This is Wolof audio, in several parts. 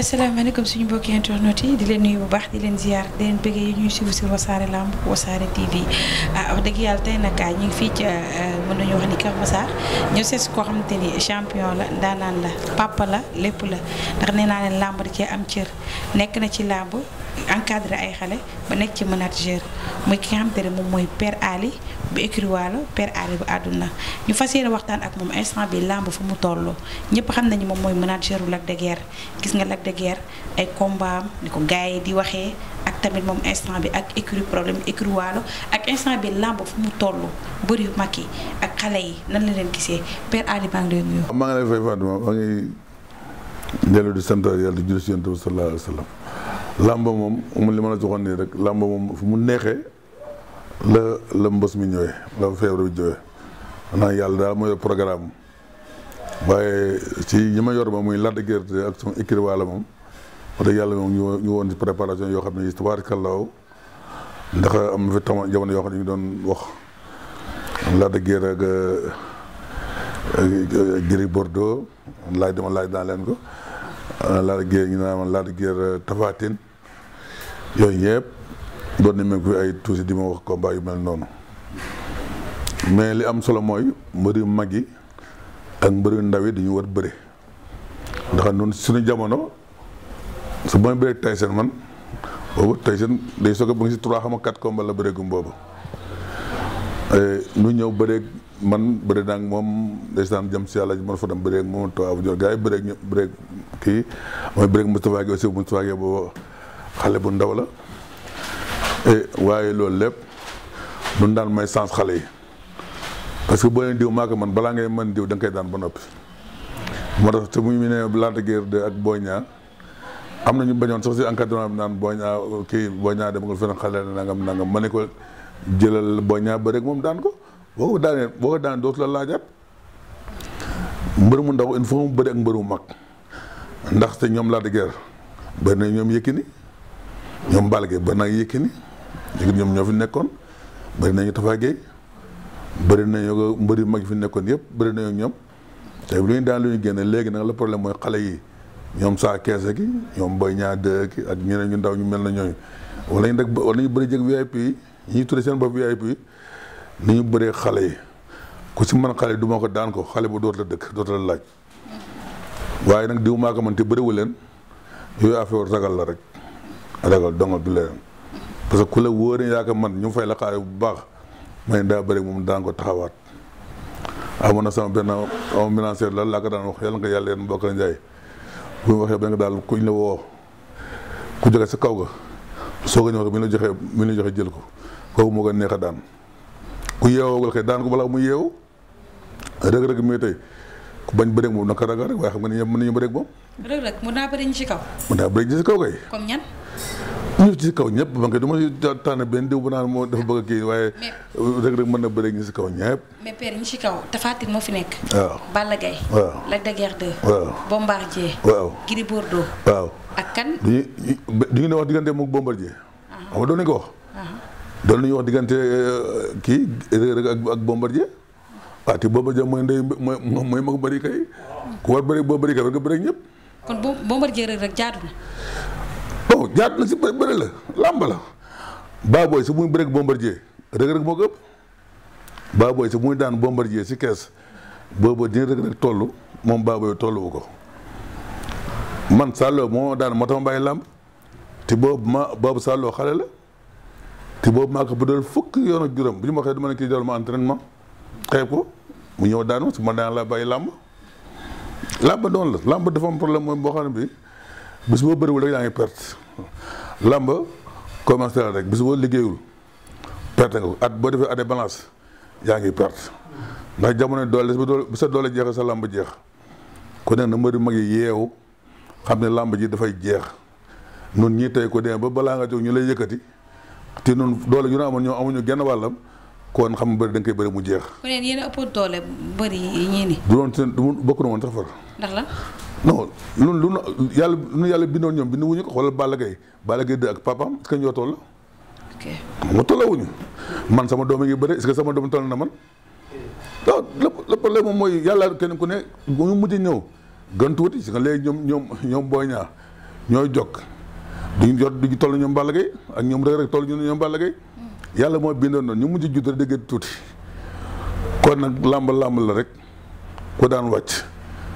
asalaamaaleykum suñu mbokki internet yi di leen nuyu bu baax di leen ziar di leen bëggee yi ñuy suivre sur wasaare lamb wasaare TV ah wax dëgg yàlla tey nag ah, ñu ngi fii ca euh, mën nañu wax ni Kër Massar ñëw sees koo xamante ni champion la ndaanaan la papa la lépp la ndax nee naa leen lamb da cee am cër nekk na ci lamb encadré ay xale ba nekk ci manager muy ki nga xamante ne moom mooy per Ali bu écrit waalo Père bu àdduna ñu fas yéene waxtaan ak moom instant bi làmb fu mu toll ñëpp xam nañu moom mooy manager bu Lac de gis nga Lac de Guiers ay combat ni ko gars yi di waxee ak tamit moom instant bi ak écrit problème écrit ak instant bi làmb fu mu toll bëri yu mag yi ak xale yi nan la leen gisee Père Ali maa ngi lay nuyu. maa ngi dellu di sant yàlla di julli si yonent làmba moom mu li ma la joxoon rek làmba moom fu mu neexee la la mbës mi ñëwee la feebar bi ñëwee yàlla daal moo yor programme waaye ci ñu ma yor ma muy Lac de Guiers ak sama écurie moom wax dëgg yàlla moom ñu ñu ci préparation yoo xam ne tabaarakallaahu ndax am na fi tam yoo xam ne ñu doon wax Lac de Guiers ak Gris Bordeaux laaj dama laaj naa leen ko Lac de Guiers ñu naan Lac de Guiers yooyu yëpp doon nañ ko ay tuuti di ma wax combat yu mel noonu mais li am solo mooy yu mag yi ak mbëri ndaw yi dañu war bëre ndax noonu suñu jamono su may bëree Tyson man boobu Tyson day soog a ba si trois xam nga quatre combat la bëreegum boobu nu ñëw bëreeg man bëri naa ak moom ndeysaan jam si yàlla man fa dem bëreeg moom Touba Abdiol gars yi bëreeg ñë bëreeg kii mooy bëreeg Moustapha Guèye aussi Moustapha Guèye boobu. xale bu ndaw la eh, waaye loolu lépp duñ daan may sens xale yi parce que boo leen diw maa man balaa ngay mën diw da koy daan ba noppi. moo tax te muy ne Lac de Guiers 2 ak Boy Niang am na ñu bañoon sax si encadrement bi naan Boy kii Boy Niang dem nga feneen xale nangam nangam ma ne ko jëlal Boy Niang ba moom daan ko boo ko daanee boo ko daanee dootu la laajaat mbër mu ndaw il faut mu bëri ak mbër mu mag ndaxte ñoom Lac de Guiers bëri na ñoom Yékini ñoom Balla Gaye bari naa Yékini Yékini ñoom ñoo fi nekkoon bari nañu Tapha Gueye bari nañu mbëri mag fi nekkoon yëpp bari nañu ñoom tey lu ñu daan lu ñu léegi nag la problème mooy xale yi ñoom saa keese gi ñoom Boy Niang ak ñeneen ñu ndaw ñu mel na ñooñu wala ñu rek wala ñu bëri jëg VIP yi seen bopp VIP yi ni ñu bëree xale yi ku si mën xale du ma ko daan ko xale bu doot la dëkk doot la laaj waaye nag diw maa ko mën te bëriwu leen yooyu affaire ragal la rek ragal dongal du leneen parce que ku la wóor yaaka man ñu fay la xaar bu baax may daa bëri moom daan ko taxawaat. amoon na sama benn am financier la laa daan wax yàlla nga yàlla yéen mbokk njaay bu waxee ba nga daal kuñ la ku jóge sa kaw ga soo ko ñëw rek mi joxee mi la joxe jël ko kooku moo gën neex a daan ku yeewoogul xëy daan ko balaa mu yeewu rëg-rëg mi tey ku bañ bëreeg moom naka ragal rek waaye xam nga ni ñëpp mën nañu bëreeg moom. rëg-rëg mën naa bëri ñu ci kaw. mën naa bëri ñu ci kaw kay. ñu ci kaw ñëpp man kay du ma tànn benn diw bu naan moo dafa bëgg a kii waaye. rek rek mën na bëre ñu si kaw ñëpp. mais père ñu si kaw Tapha Tine moo fi nekk. waaw Balla Gaye. waaw Lac de Guiers 2. waaw Bombardier. waaw Gris Bordeaux. waaw ak kan. du ñu ne wax diggante moom Bombardier. Ah. xam nga doon nañu ko wax. Ah. doon nañu wax diggante euh, kii rek ak ak Bombardier. waaw te Bombardier mooy ndey mooy mooy mag bëri kay. ku war bëri Bombardier kay war nga bëri ñëpp. kon Bombardier rek jaadu na. non ñaata la si bëri bëri la làmb la Baboy su muy bëreeg bombardier Reug Reug moo ko ëpp Baboy muy daan bombardier si kes boobu dina Reug Reug toll moom Baboy tolluwu ko man Saaloo moo daan moo tax ma bàyyi làmb te boobu ma boobu Saaloo xale boobu maa ko budal fukk yoon juróom bu ñu ma waxee mu ñëw daanu su daan la bàyyi làmb làmb doon la làmb dafa am problème mooy boo xam bi bis boo bëriwul rek yaa ngi perte làmb commencé la rek bis boo liggéeyul perte nga ko at boo defee ade balance yaa ngi perte ndax jamono doole bu sa doole jeexee sa làmb jeex kon nekk na mbëri mag yi yeewu xam ne làmb ji dafay jeex nun ñii tey ko demee ba balaa nga jóg ñu lay yëkkati te nun doole ñu ne amoon ñoo amuñu genn wàllam kon xam nga bëri da nga koy bëri mu jeex. ku ne yéen a ëpp doole bëri yi ñii ni. du doon seen du bokk na woon sax far. ndax non lu nu yàlla lu yàlla bindoon ñoom bindu wuñu ko xoolal Balla Gaye Balla Gaye 2 ak papaam est-ce ñoo toll. ok moo tolloowuñu man sama doom yi ngi bëri est-ce sama doom toll na man. waaw le moom mooy yàlla kenn ku ne mu mujj ñëw gën tuuti si nga léegi ñoom ñoom ñaar ñooy jokk duñ jot duñ toll ñoom Balla ak ñoom rek rek toll ñu yàlla mooy bindoon noonu ñu mujj judd rek gën tuuti kon nag làmb làmb la rek ko daan wàcc.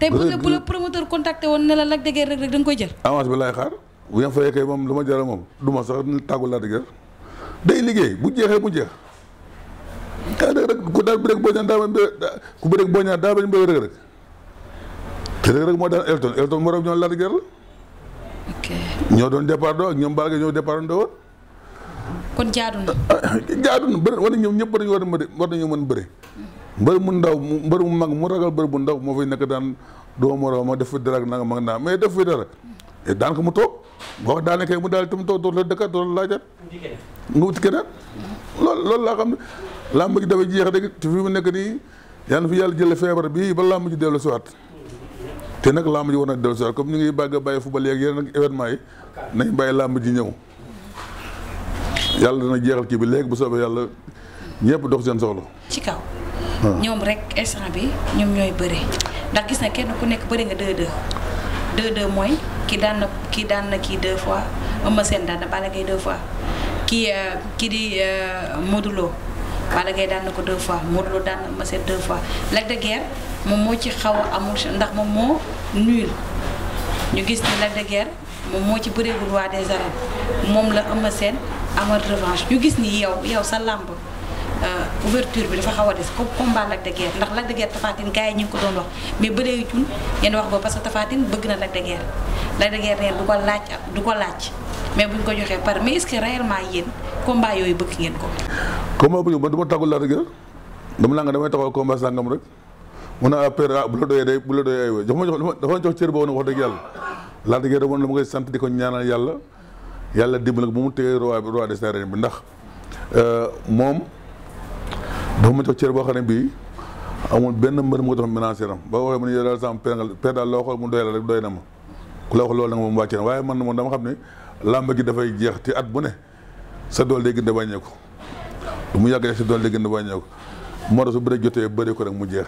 te bu la bu la promoteur contacté woon ne la Lac de Guiers Reug Reug da nga koy jël. avance bi laay xaar bu ñu fayee kay moom lu ma jaral moom du sax tàggu Lac de day liggéey bu jeexee bu jeex daa rek rek ku daal bu rek boo ñaan daa ku bu rek boo ñaan daa bañ mbéy rek rek moo daan Elton Elton moo doon ñoom Lac de la. ok ñoo doon départ doo ñoom Balla Gaye ñoo kon jaadu na. jaadu na bëri war ñoom ñëpp war a mën bëri war nañu mën bëri. mbër mu ndaw mbër mu mag mu ragal mbër bu ndaw moo fay nekk daan doo moroom ma def fi dara ak nanga mag naa mais def fi dara daan ko mu toog boo daane kay mu daal itam toog dootu la dëkkat dootu la laajat nga wuti keneen loolu loolu laa xam làmb ji dafa jeex rek te fi mu nekk nii yàlla fi yàlla jële feebar bii ba làmb ji dellu si waat te nag làmb ji war na dellu comme ñu ngi bàgg a bàyyi football yeeg yeneen événement yi nañ bàyyi làmb ñëw yàlla dana jeexal kii bi léegi bu soobee yàlla ñëpp dox seen soxla ci ñoom rek instant bi ñoom ñooy bëre ndax gis na kenn ku nekk bëri nga 2-2 2 mooy ki daan na ki daan na kii deux fois Eumeu Sène daan na Balla Gaye fois kii euh, kii di euh, Modou Lo Balla Gaye daan na ko deux fois Modou Lo daan na Eumeu Sène deux fois Lac de moom moo ci xaw a amul ndax moom moo nul ñu gis ni Lac moom moo ci bëreegul roi des arènes moom la Eumeu Sène amal revanche ñu gis nii yow yow sa làmb Euh, ouverture bi dafa xaw a des comme combat Lac de Guiers ndax Lac de Guiers Tapha Tine gars ko doon wax mais bëree cun ngeen wax ko parce que Tapha Tine bëgg na Lac de Guiers du ko laaj du ko laaj mais buñ ko joxee par mais est-ce que réellement yéen combat yooyu bëgg ngeen ko. combat bu ñu ba du ma tàggul Lac de Guiers dama la nga damay taxaw combat sàngam rek mu ne affaire ah bu la doyee day bu la doyee aywa jox ma jox dafa ma jox cër boobu nag wax dëgg yàlla Lac de Guiers dama la ma koy sant di ko ñaanal bu mu téye dafa ma jox boo xam ne bii amul benn mbër mu ko jox ménager am boo waxee mu ne yow daal mu doy la rek doy na ma ku la wax loolu nag moom wàcce na waaye man moom dama xam ne làmb gi dafay jeex te at bu ne sa dool day gën di wàññeeku lu mu yàgg rek sa dool day gën di wàññeeku moo tax su jotee bëri ko rek mu jeex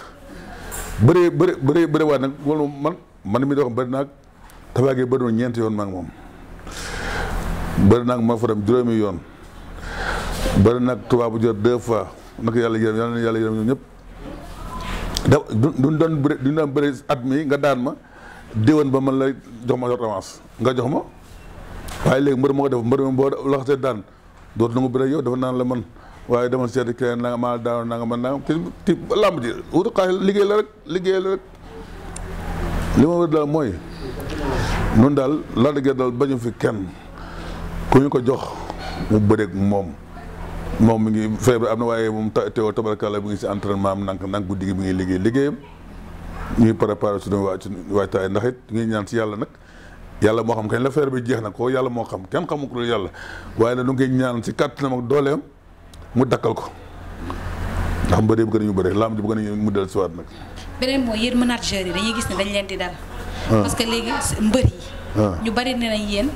bëree bëri bëri bëri waat nag wala man man mi doon bëri nag tabaagee bëri na ñeenti yoon ma moom bëri naag ma fa dem juróomi yoon bëri naag tubaabu jër deux fois nag yàlla yërëm yal na yàlla yërëm ñoom ñëpp da duñ doon bëri at mi nga daan ma déwén ba man lay jox ma revanche nga jox ma waaye léegi mbër moo ko def mbër mi boo laxasee daan dootu na nga bëri yow dafa naan la man waaye demal seeti keneen na nga maa daanoon na nga man naa ti ji liggéey la rek liggéey la rek li ma wër daal mooy nun daal la dëgg daal bañu fi kenn ku ñu ko jox mu bëreeg moom moom mu ngi feebar am na waaye moom teewoo tabarkalla mi ngi si entraînement am nank nank guddi gi mi ngi liggéey liggéeyam ñuy préparé suñu waa suñu waajtaay ndax it ñuy ñaan si yàlla nag yàlla moo xam kañ la feebar bi jeex na ko yàlla moo xam kenn xamu ko yàlla waaye nag lu ngi ñaan si kàttanam ak dooleem mu dakkal ko ndax mbëri bëgg nañu bëri laam ji bëgg nañu mu del si waat nag. beneen mooy yéen manager yi dañuy gis ne dañ leen di dal. Ah. parce léegi mbër yi. Ah. ñu bari ne nañ yéen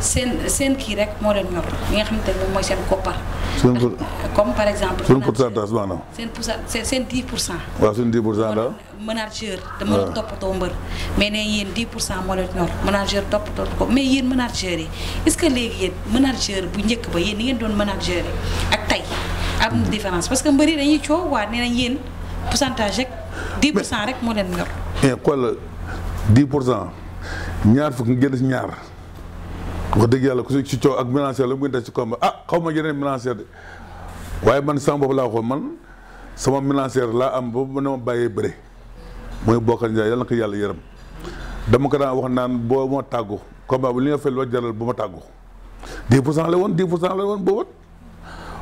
seen seen kii rek moo leen ñor li nga xamante ne moom mooy seen koppar. comme par exemple. seen pourcentage maanaam. seen pourcentage seen 10 pour cent. waaw seen 10 pour cent la. manager dama la toppatoo mbër mais ne yéen 10 pour cent moo leen ñor manager toppatoo ko mais yéen manager yi est ce que léegi yéen manager bu njëkk ba yéen ni ngeen doon manager yi ak tey am différence parce que mbër yi dañuy coow waa nee nañ yéen rek 10 pour cent rek moo leen ñor. mais xoolal pour cent ñaar fukk nga génn si ñaar. wax dëgg yàlla ku ci coow ak mélancière la mu ngi des ci combat ah xaw ma yeneen mélancière de waaye man sama bopp laa waxoon man sama mélancière laa am ba mu ne ma bàyyee bëre mooy bokkal Ndiaye yàlla yàlla yërëm dama ko daan wax naan boo ma tàggu combat bi li nga fay loo jaral bu ma tàggu 10 pour cent la woon 10 pour cent woon boobu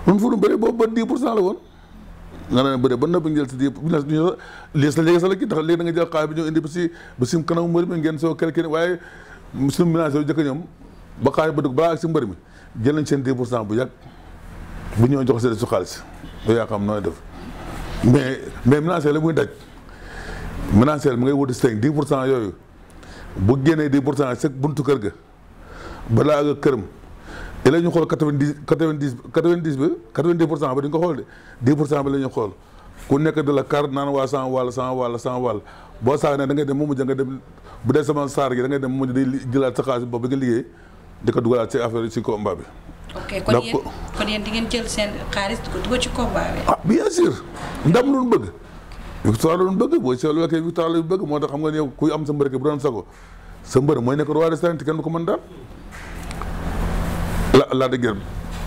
ñun fu ñu bëree boobu ba 10 la woon nga ne bëree ba noppi bu sa léegi ndax léegi da nga jël xaalis bi ñëw indi ba si ba si kanam mbër mi ngeen soo kër kër waaye suñu mélancière jëkk ñoom ba xaalis ba dugg balaa ak si mbër mi jël nañ seen 10 pour cent bu yàgg bu ñëw jox seen su xaalis yow yaa xam nooy def mais mais menacé la muy daj menacé mu ngay wuti seen 10 pour cent yooyu bu génnee 10 pour cent sëg buntu kër ga balaa nga këram te la ñu xool quatre vingt dix quatre vingt dix quatre vingt dix bi quatre vingt dix pour cent ba di nga ko xool de dix pour cent bi la ñu xool ku nekk de la carte naan waa cent wàll cent wàll cent wàll boo saa ne da ngay dem mu mujj nga dem bu dee sama saar gi da ngay dem mu mujj di jëlaat sa xaalis boobu nga liggéey. di ko dugalaat ci affaire ci combat bi. ok kon yéen kon di ngeen jël seen xaalis di ko dugal ci bi. ah bien sûr ndam lu bëgg. victoire lu ñu bëgg booy seetlu moo tax xam nga ne kuy am sa mbër bu doon sago sa mbër mooy nekk roi des arènes kenn du ko mën daal. la la dëgër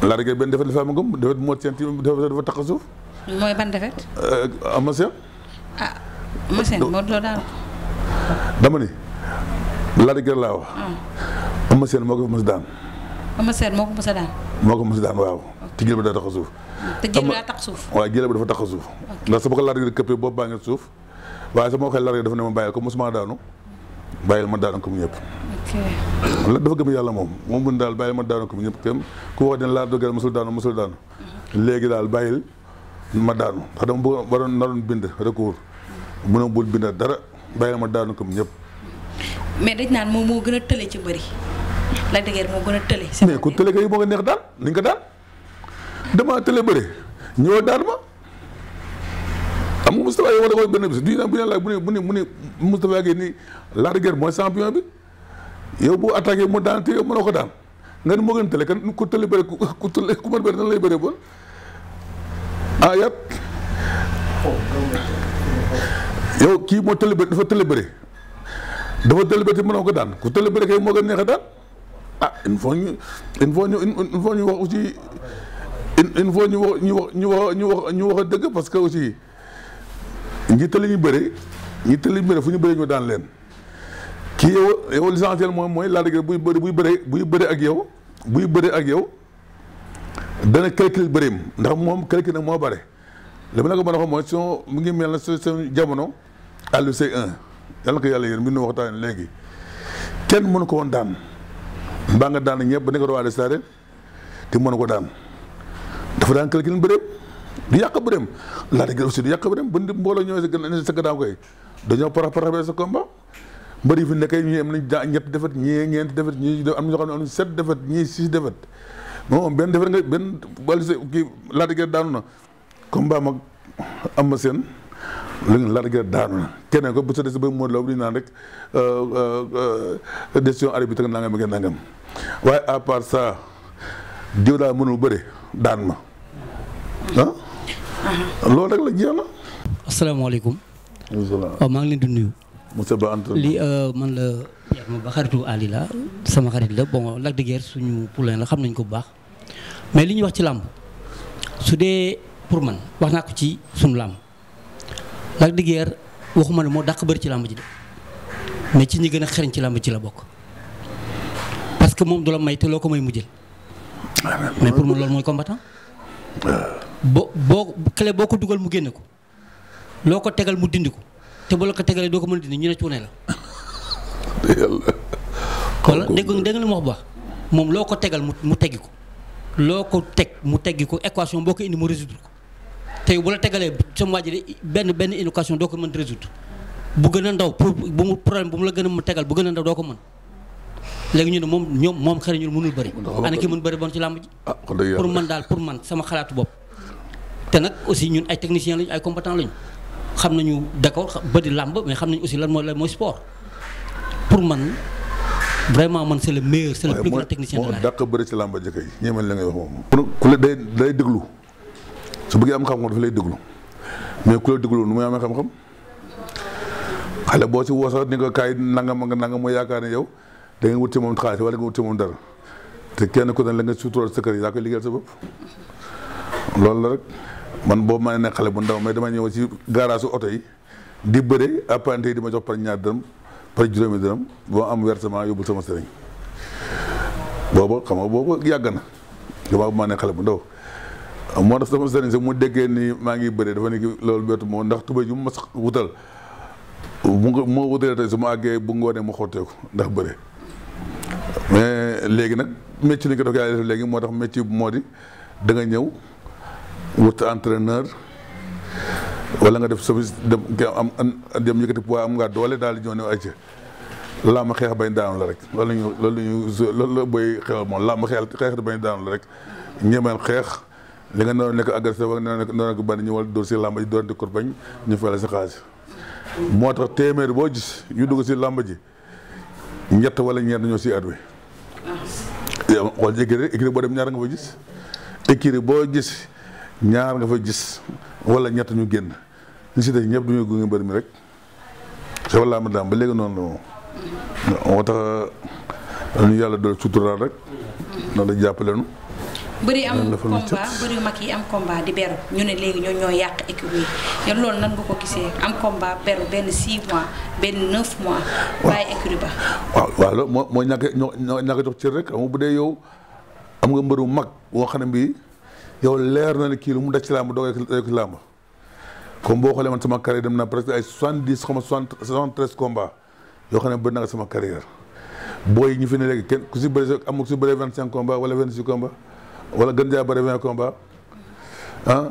la dëgër benn defet la fi euh, ah, laa wax. Ah. Eumeu Sène moo ko fa mos daan. Eumeu Sène moo ko mos a daan. moo ko mos a daan waaw. te jël ba daa tax suuf. te jël ba tax suuf. waaw jël ba tax suuf. ndax su ma ko laajee rek këppee boobu baa ngeen suuf waaye su koy waxee laree dafa ne ma bàyyil ko mosuma daanu bàyyil ma daanu ko ñëpp. ok dafa gëm yàlla moom moom mun daal bàyyil ma daanu comme ñëpp kenn ku wax dina laal dogal mosul daanu mosul daanu. Mhm. léegi daal bàyyil ma daanu ndax dama bëgg waroon naroon bind recours mënoo dara bàyyil ma daanu comme ñëpp. mais dañ naan moom moo gën a tële ci mbëri Lac de Guiers moo gën a tële. mais ku tële neex daan ni nga ko daan demaa tële bëre ñëw daan ma xam nga Moustapha Gueye benn bés du ñu naan bu ñu la bu ne bu ne bu ne Moustapha Gueye nii Lac de mooy champion bi yow boo attaqué mu daan te yow mënoo ko daan nga ni moo gën tële kan ku tële bëre ku ku tële ku bëre nan lay bëree bon ah yàpp yow kii moo tële bëre dafa tële bëre dafa tële bëre te mënoo ko daan ku tële bëre kay moo gën neex a daan. ah il faut ñu il faut ñu il faut ñu wax aussi il faut ñu wax ñu wax ñu wax ñu wax ñu wax dëgg parce que aussi njiit la ñu bëri njiit la ñu bëri fu ñu bëri ñu daan leen kii yow yow l'essentiel moom mooy la rigueur buy buy bëri buy bëri ak yow buy bëri ak yow dana calcul bërim ndax moom calcul na moo bare li ma la ko mën a mooy son mu ngi mel na sa jamono àllu C1 yàlla ko yàlla yéen mi nu waxtaan léegi kenn mënu ko woon daan. mbaa nga daan ñëpp ba nekk roi des arènes te mën ko daan dafa daan calculé bëreem du yàq bëreem laa dégg aussi du yàq bëreem ba nit mbooloo ñëwee sa gën sa gannaaw koy dañoo parax parax sa combat mbër fi nekk ñii am nañ daa ñett defet ñii ñeenti defet am na ñoo xam ne am nañ sept defet ñii six defet moom benn defet nga benn wàllu sa kii laa dégg daanu na combat mag am ma seen lu ngeen laaj gerte daanu na keneen ko bu sa des ba mu mën la wut ñu naan rek euh, euh, euh, décision arbitre bi nangam ak nangam. waaye à part ça diw daa mënul bëre daan ma uh-huh. loolu rek la jeex na. asalaamaaleykum. waaw oh, maa ngi leen di nuyu. monsieur li euh, man la Thierno Ba xaritu Ali la sama xarit la bon Lac de Guiers suñu la xam nañ ko bu baax mais li ñuy wax ci làmb su dee pour man wax naa ko ci suñu làmb Lac de Guiers waxuma ne moo daq bëri ci làmb ji de mais ci ñi gën a xereñ ci làmb ci la bokk. te moom du la may te loo ko may mu jël. Ah, mais pour man loolu mooy combattant. Euh. boo boo clé boo ko dugal mu génne ko loo ko tegal mu dindi ko te boo la ko tegalee doo ko mën a ñu ne cuune la. wala dégg nga moom loo ko tegal mu mu teggi ko loo ko teg mu teggi ko équation boo ko indi mu résoudre ko tey bu la tegalee sama waa ji benn benn équation doo ko mën résoudre bu gën a ndaw pour bu mu problème bu mu la gën a mu tegal bu gën a ndaw doo ko mën. léegi ñu ne moom ñoom moom xëy ñu mënul bëri ana ki mën bëri bon ci làmb ji ah, pour man daal pour man sama xalaatu bopp te nag aussi ñun ay technicien lañu ay combattant lañu xam nañu d'accord bëri làmb mais xam nañu aussi lan mooy lan mooy sport pour man vraiment man c'est le meilleur c'est le plus grand la dàq bëri ci làmb jëkk yi ku la day day déglu su bëggee am xam-xam dafa lay déglu mais ku la déglu nu muy amee xam-xam xale boo si woosa ni nga kaay nangam nga nangam mooy yaakaar ne yow da nga wut ci moom xaalis wala nga wut ci moom dara te kenn ku ne la nga sutural sa kër yi yaa koy liggéeyal sa loolu la rek man boobu maa ne xale bu ndaw mais dama ñëw ci garage su di bëre apprenti di ma jox ñaar dërëm par juróomi dërëm boo am versement yóbbul sama sëriñ boobu xam nga boobu yàgg na dama maa ne xale bu ndaw moo sama sëriñ sax mu déggee ni maa ngi bëre dafa nekk loolu beetu moo ndax tubéy ju mu ma sax wutal mu moo wutalee tey su ma àggee bu ngoonee mu xotteeku ndax bëre léegi nag métier lañ ko def yàlla def léegi moo tax métier bu moo di da nga ñëw wut entraîneur wala nga def service dem am dem yëkkati poids am nga doole daal di ñëw ne ay ci làmb xeex bañ daanu la rek loolu ñu ñu loolu la booy xeexal moom làmb xeex xeex bañ daanu la rek ñemeel xeex li nga noonu nekk agressé wala noonu nekk bandi ñu wala dóor si làmb ji doonte kur bañ ñu fay la moo tax téeméer boo gis yu dugg si làmb ji ñett wala ñeent ñoo si at wi yow xool ci écurie écurie boo dem ñaar nga fa gis écurie boo gis ñaar nga fa gis wala ñett ñu génn ñu si des ñëpp du ñu mbër mi rek sa wala ma daam ba léegi noonu la moom moo tax ñu yàlla dool suturaal rek noonu la jàppale bëri am combat bëri mag yi am combat di beru ñu ne léegi ñoo ñoo yàq équipe yi loolu nan nga ko gisee am combat beru benn 6 mois benn 9 mois. bàyyi équipe ba. waaw waaw loolu moo mooy ñàkk ñoo ñàkk jox cër rek xam bu dee yow am nga mbëru mag boo xam ne bii yow leer na kii mu daj ci làmb doog a ci boo xoolee man sama dem na presque ay soixante dix xaw ma soixante yoo xam ne bëri sama carrière booy ñu fi ne léegi kenn ku si bëri amul si bëree vingt cinq combats wala vingt six combats. wala gën jaa bëri vingt combat ah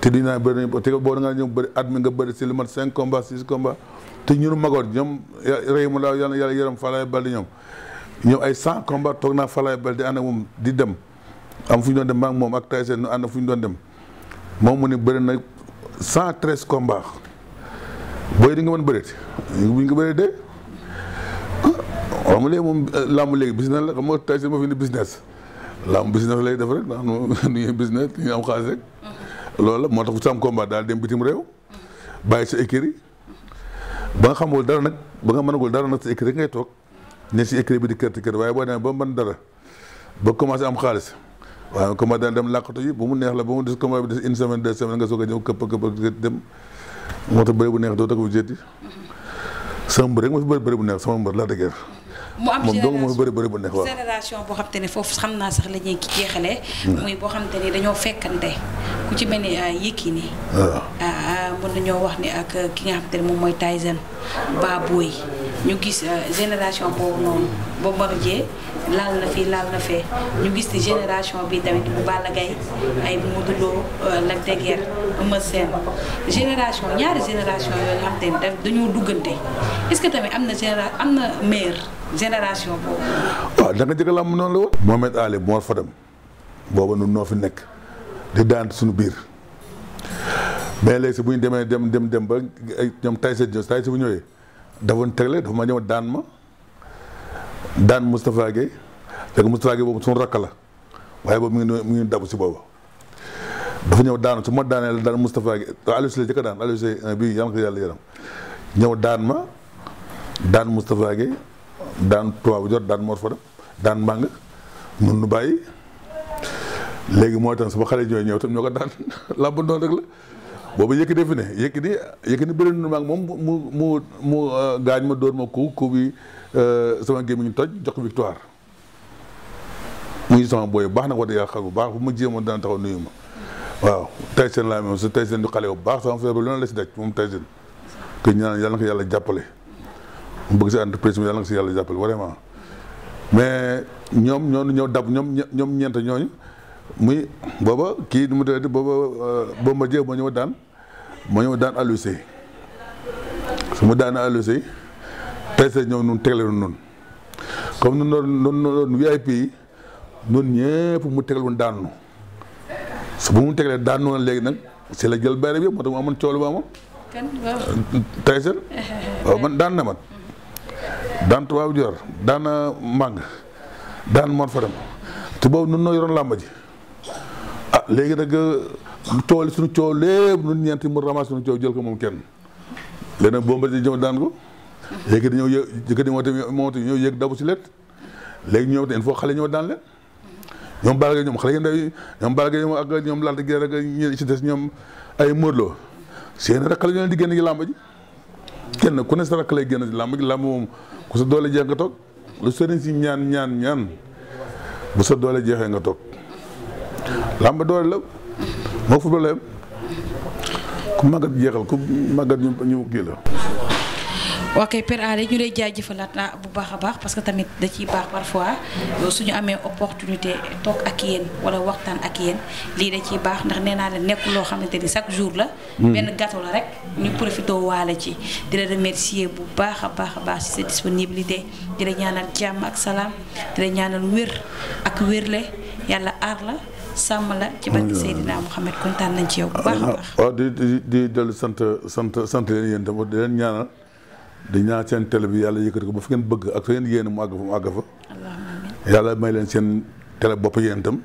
te dinaa bëri nañ te boo da ngaa ñëw bari at mi nga bari si lu man cinq combat six combat te ñun magoon ñoom réy mu laaw yàlla yàlla yërëm Falaye Baldé ñoom ay cent combat toog naa Falaye Baldé di ànd ak moom di dem am fu ñu doon dem maa moom ak Tyson fu ñu doon dem moom mu ne bari na cent treize combat booy di nga mën bëreet bu ñu ko bëree dee waaw ah mu léegi moom eh, làmb léegi business la xam nga Tyson moo fi indi business lamb business lay def rek daa am nu ñuy business ñu am xaalis rek. loolu moo ta ku am combat daal dem bitim réew. bàyyi sa écurie ba nga xamul dara nag ba nga mënagul dara nag sa écurie ngay toog ne si écurie bi di kër kër waaye boo demee ba mën dara ba commencé am xaalis. waaw combat dana dem làqatu yi bu mu neex la ba mu des combat bi des une semaine deux semaines nga soog a ñëw këpp këpp dem moo tax bëri bu neex doo takk bu jetti sama mbër rek ma bu neex sama mbër laa dëgër mu am génération boo xam te ne foofu xam naa sax la ñuy ki jeexalee hmm. muy boo xam te ne dañoo fekkante ku ci mel ni ah, nii ah. ah, mën nañoo wax ne ak ki nga xam te ne moom mooy Tyson Baboy ñu gis génération boobu noonu Bombardier laal na fii laal na fee ñu gis ni génération bii tamit bu Balla Gaye ay Modou Lo Lac de Guiers Eumeu génération ñaari génération yooyu xam te ne dañoo duggante est-ce que tamit am na génération am na maire génération boobu. waaw da nga jëkk làmb noonu la woon. Mohamed Ali Mor Fadam booba nun noo fi nekk di daan suñu biir mais léegi si bu ñu demee dem dem dem ba ñoom Taïsa Diop Taïsa bu ñëwee dafa tegle dafa ma ñëw daan ma daan Moustapha Guèye fekk Moustapha Guèye boobu suñu rakk la waaye boobu mu ngi mu ngi si boobu. dafa ñëw daanu su ma daan Moustapha Guèye Aliou daan Aliou Cissé bii yàlla na yàlla yaram ñëw daan ma daan Moustapha Guèye daan tubaab bu jot daan mor fa daan mbàng mun nu bàyyi léegi mooy tam sama xale ñooy ñëw tam ñoo ko daan làmb noonu rek la boobu Yékini fi ne Yékini Yékini bëri nu maag moom mu mu mu euh, gaañ ma door ma ku ku bi euh, sama gémmiñ toj jox ko mu muy sama booy bu baax nag wax dëgg yàlla bu baax bu ma jéemoon dana taxaw nuyu ma waaw Tyson laa moom su Tyson du xale bu baax sama frère bi lu la si daj moom Tyson te ñaan yàlla na yàlla jàppale mu bëgg sa entreprise bi yàlla nga si yàlla jàppale vraiment mais ñoom ñoo ñëw dab ñoom ñoom ñeent ñooñu muy booba kii nu mu tëddee booba euh, Bombardier moo ñëw daan moo ñëw daan Aliou su mu daanee Aliou Seye tey ñëw nun tegle nun comme nun noonu noonu VIP yi nun ñëpp mu tegal woon daanu su bu mu teglee daanu léegi nag si la jël bayre bi moo tax mu amoon coow lu ba amoon. tey waaw man daan na man. daan tubaabu joor daan euh, màng daan moon fa dem te boobu nun noo yoroon làmba ji ah léegi nag tool euh, suñu coow lépp nun ñeenti mu ramasse suñu coow jël ko moom kenn léegi nag bomba di jëm daan ko léegi dañoo yë jëkkati moo tamit moo tamit ñëw yëg dabu si let léegi ñëw il foo xale ñëw daan leen ñoom Balla Gaye ñoom xale yu ndaw yi ñoom Balla Gaye ñoom ak ñoom Lac de Guiers ak ci des ñoom ay Modou Lo seen rek xale ñoo leen di génn gi kenn ku ne sa rakk lay génn ci làmb gi làmb moom ku sa doole jeex nga toog lu sëriñ si ñaan ñaan ñaan bu sa doole jeexee nga toog làmb doole la moo football ku màggat jeexal ku màggat ñu ñu kii ok Père Alé ñu lay jaajëfalaat bu baax a baax parce que tamit da ciy baax parfois ñu amee opportunité toog ak yéen wala waxtaan ak yéen lii da ci baax ndax nee naa la nekk loo xamante ni chaque jour la. Hmm. benn gâteau la rek ñu profité waale ci di la remercier bu baax a baax a baax ci sa di la ñaanal jàmm ak salaam di la ñaanal wér ak wérle yàlla aar la. sàmm la ci barke Seydina Mouhamed kontaan nañ ci yow bu baax a baax. di di di dellu sant sant sant leen yéen tamit di ñaanal. di ñaan seen télé bi yàlla yëkkati ko ba fi ngeen bëgg ak fa ngeen yéene mu àgg mu àgg fa yàlla may leen seen télé bopp yéen itam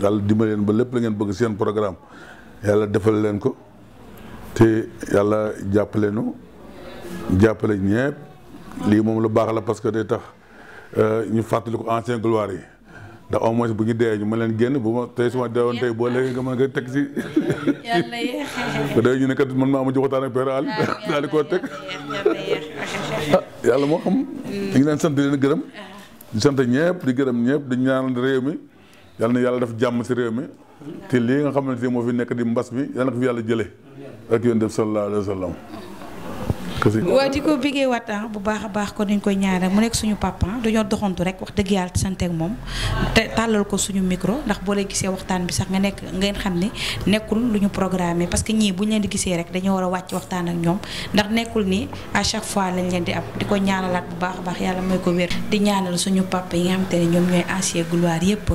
yàlla dimbali leen ba lépp la ngeen bëgg seen programme yàlla defal leen ko te yàlla jàppale nu jàppale ñepp lii moom lu baax la parce que day tax euh, ñu fàttali ko ancien gloire yi ndax au moins bu ñu dee ñu ma leen génn bu ma tey suma deewoon tey boo léegi nga man nga teg si. yàlla yéex a yéex. ñu ne kat man maa mujj waxtaan ak Père Aliou Ah, yàlla moo xam. ñu ngi leen sant di gërëm. di sant ñëpp di gërëm ñëpp di ñaanal réew mi yàlla na yàlla def jàmm si réew mi. te lii nga xam ne moo fi nekk di mbas mi yàlla na fi yàlla jëlee. rek yéen def sallallahu alayhi wa sallam ko fi. waaw di ko bégee waat ah, bu baax a baax ko dañ koy ñaanal mu nekk suñu papa ah, dañoo doxantu rek wax dëgg yàlla sant ak moom te tàllal ko suñu micro ndax boo lay gisee waxtaan bi sax nga nekk ngeen xam ne nekkul lu ñu programmé parce que ñii bu leen di gisee rek dañoo war a waxtaan ak ñoom ndax nekkul ni à chaque fois lañ leen di am di ko ñaanalaat bu baax a baax yàlla mooy ko wér di ñaanal suñu papa yi nga xamante ne ñoom ñooy ancien gloire yëpp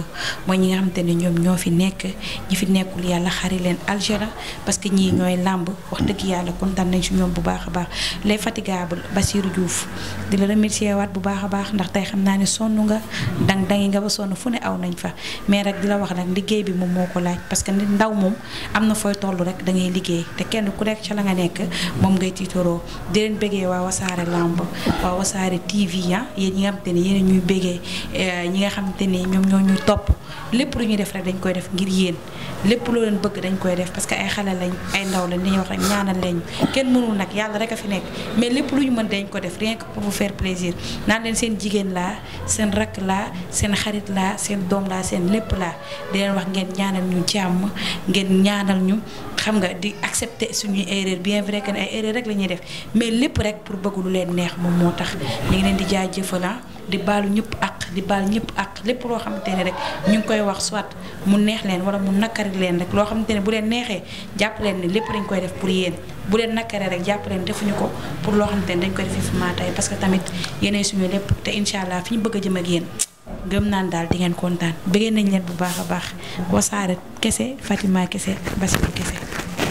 mooy ñi nga xamante ne ñoom ñoo fi nekk ñi fi nekkul yàlla xari leen aljana parce que ñii ñooy làmb wax dëgg yàlla kon kontaan nañ si ñoom bu baax a baax l'infatigable Bassirou Diouf di la remercier waat bu baax a baax ndax tey xam naa ne sonn nga dang dangi nga ba sonn fu ne aw nañ fa mais rek di la wax nag liggéey bi moom moo ko laaj parce que nit ndaw moom am na fooy toll rek da ngay liggéey te kenn ku nekk ca la nga nekk moom ngay tiitoroo di leen bëggee waa wasaare lamb waa wasaare TV ah yéen ñi nga xamante ni yéen ñuy bëggee eh, ñi nga xamante ni ñoom ñoo ñuy topp lépp lu ñuy def rek dañ koy def ngir yéen lépp loo leen bëgg dañ koy def parce que ay xale lañ ay ndaw lañ dañuy wax rek ñaanal lañ kenn mënul nag yàlla rek a fi mais lépp lu ñu mën dañ ko def rien que pour vous faire plaisir naan leen seen jigéen laa seen rakk laa seen xarit laa seen doom laa seen lépp laa di leen wax ngeen ñaanal ñu jàmm ngeen ñaanal ñu xam nga di accepter suñuy erreur bien vrai que ne ay erreur rek la ñuy def mais lépp rek pour bëgg leen neex moom moo tax ñu ngi leen di jaajëfal ah, di baalu ñëpp ak di baal ñëpp ak lépp loo xamante ne rek ñu ngi koy wax soit mu neex leen wala mu nakari leen rek loo xamante ne bu leen neexee jàpp leen ni lépp dañ koy def pour yéen bu leen nakkaree rek jàpp leen defuñu ko pour loo xam ne dañ koy def fi maa tey parce que tamit yéenay suñu lépp te incha allah fi ñu bëgg a jëm ak yéen gëm naan daal di ngeen kontaan bëggee nañ leen bu baax a baax wasaare kese Fatima kese Basi kese.